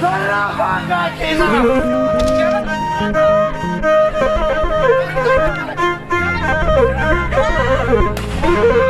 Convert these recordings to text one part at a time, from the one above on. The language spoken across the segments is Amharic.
Thank you.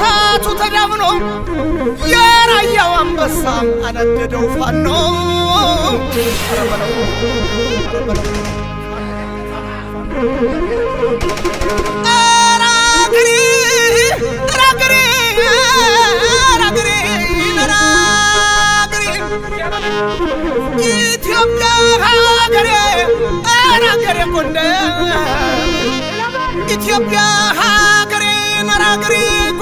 እሳቱ ተዳፍኖ የራያው አንበሳ አነደደው ፋኖ ኢትዮጵያ ሀገሬ ኢትዮጵያ ሀገሬ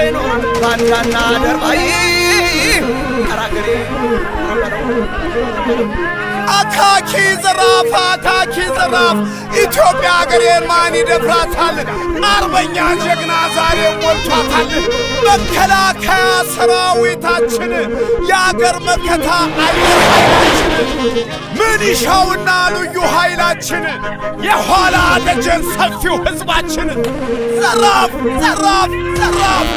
አይኑ ባንዳና ደርባይ አራገሬ አካኪ ዘራፍ አታኪ ዘራፍ ኢትዮጵያ ሀገሬን ማን ይደፍራታል? አርበኛ ጀግና ዛሬ ሞልቷታል መከላከያ ሰራዊታችን የአገር መከታ አየር ኃይላችን ምን ይሻውና ልዩ ኃይላችን የኋላ ደጀን ሰፊው ሕዝባችን ዘራፍ ዘራፍ ዘራፍ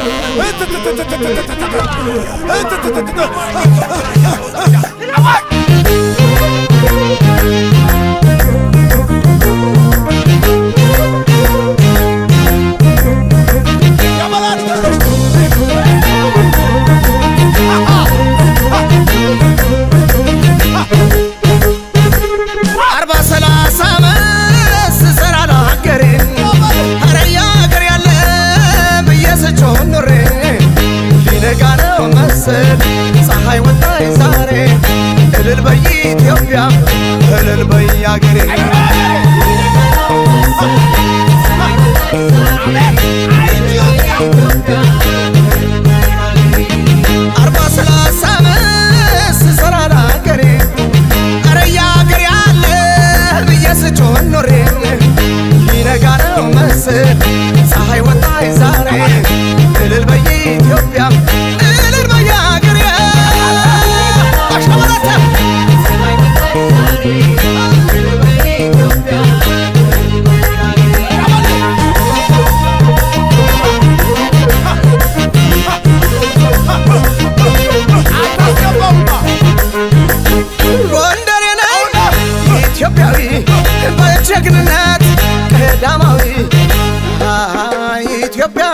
said I get it.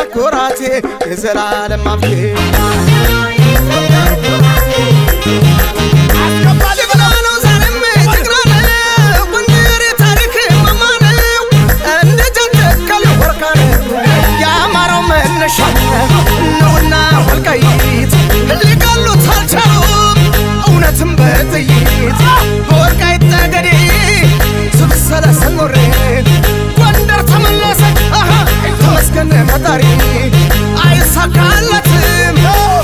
የኩራቴ የዘላለም አምኬ ነውና ወልቃይት ሊገሉት አልቻሉም እውነትም በጥይት አልተሳካለትም።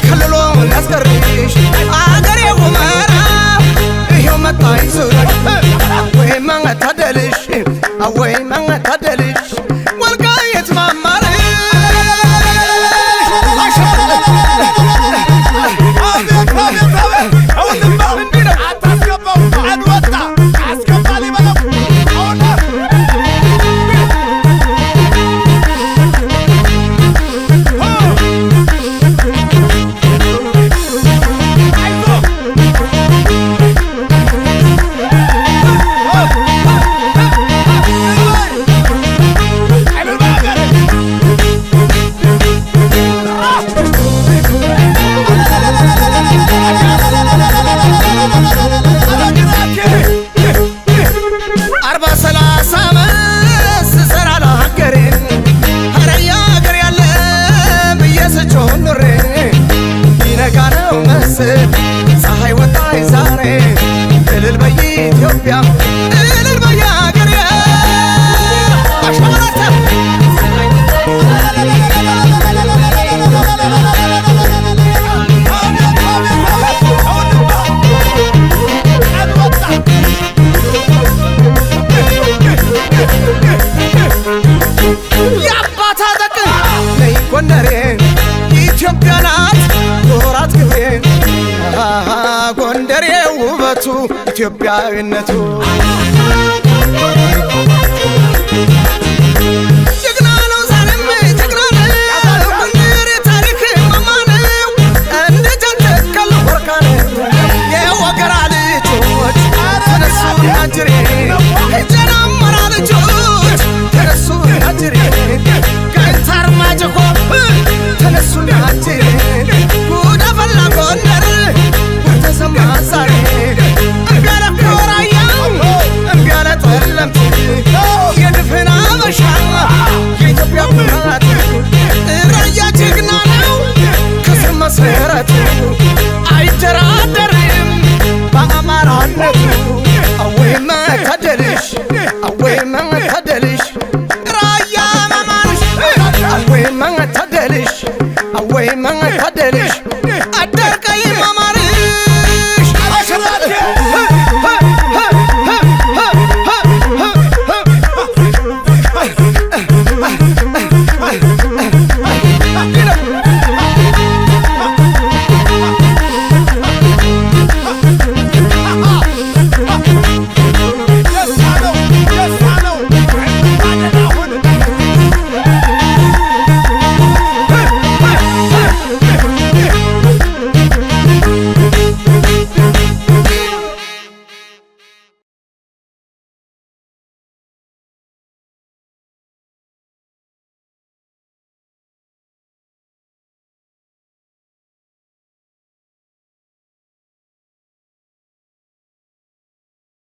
ክልሉን ላስቀርሽ አገሬ ሁመራ ይኸው መጣ ይዞ ወይ መታደልሽ ወይ መታደልሽ ነው መስል ፀሐይ ወጣይ ዛሬ እልል በይ ኢትዮጵያ ኢትዮጵያዊነቱ ኢትዮጵያዊነቱ